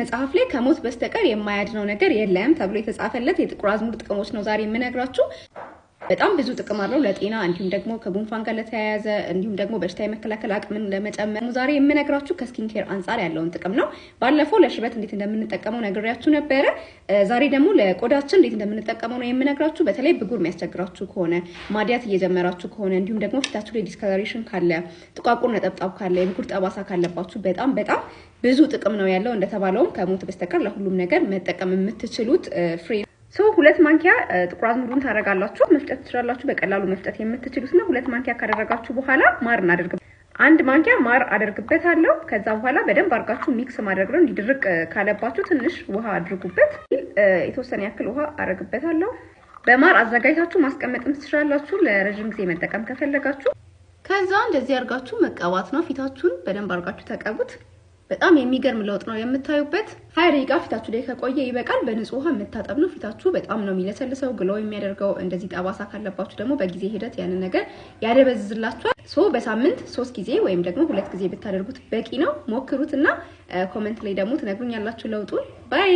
መጽሐፍ ላይ ከሞት በስተቀር የማያድነው ነገር የለም ተብሎ የተጻፈለት የጥቁር አዝሙድ ጥቅሞች ነው ዛሬ የምነግራችሁ። በጣም ብዙ ጥቅም አለው ለጤና እንዲሁም ደግሞ ከጉንፋን ጋር ለተያያዘ እንዲሁም ደግሞ በሽታ የመከላከል አቅምን ለመጨመር ዛሬ የምነግራችሁ ከስኪን ኬር አንጻር ያለውን ጥቅም ነው። ባለፈው ለሽበት እንዴት እንደምንጠቀመው ነግሬያችሁ ነበረ። ዛሬ ደግሞ ለቆዳችን እንዴት እንደምንጠቀመው ነው የምነግራችሁ። በተለይ ብጉር የሚያስቸግራችሁ ከሆነ ማዲያት እየጀመራችሁ ከሆነ እንዲሁም ደግሞ ፊታችሁ ላይ ዲስከለሬሽን ካለ፣ ጥቋቁር ነጠብጣብ ካለ፣ የብጉር ጠባሳ ካለባችሁ በጣም በጣም ብዙ ጥቅም ነው ያለው። እንደተባለውም ከሞት በስተቀር ለሁሉም ነገር መጠቀም የምትችሉት ፍሬ ሶ ሁለት ማንኪያ ጥቁር አዝሙዱን ታደርጋላችሁ። መፍጨት ትችላላችሁ፣ በቀላሉ መፍጨት የምትችሉት ነው። ሁለት ማንኪያ ካደረጋችሁ በኋላ ማር እናደርግ አንድ ማንኪያ ማር አደርግበታለሁ። ከዛ በኋላ በደንብ አድርጋችሁ ሚክስ ማድረግ ነው። እንዲድርቅ ካለባችሁ ትንሽ ውሃ አድርጉበት። የተወሰነ ያክል ውሃ አደርግበታለሁ። በማር አዘጋጅታችሁ ማስቀመጥም ትችላላችሁ፣ ለረዥም ጊዜ መጠቀም ከፈለጋችሁ። ከዛ እንደዚህ አድርጋችሁ መቀባት ነው። ፊታችሁን በደንብ አድርጋችሁ ተቀቡት። በጣም የሚገርም ለውጥ ነው የምታዩበት። ሀያ ደቂቃ ፊታችሁ ላይ ከቆየ ይበቃል። በንጹህ ውሃ የምታጠብ ነው። ፊታችሁ በጣም ነው የሚለሰልሰው ግሎ የሚያደርገው። እንደዚህ ጠባሳ ካለባችሁ ደግሞ በጊዜ ሂደት ያንን ነገር ያደበዝዝላችኋል። ሶ በሳምንት ሶስት ጊዜ ወይም ደግሞ ሁለት ጊዜ ብታደርጉት በቂ ነው። ሞክሩት እና ኮመንት ላይ ደግሞ ትነግሩኛላችሁ ለውጡን። ባይ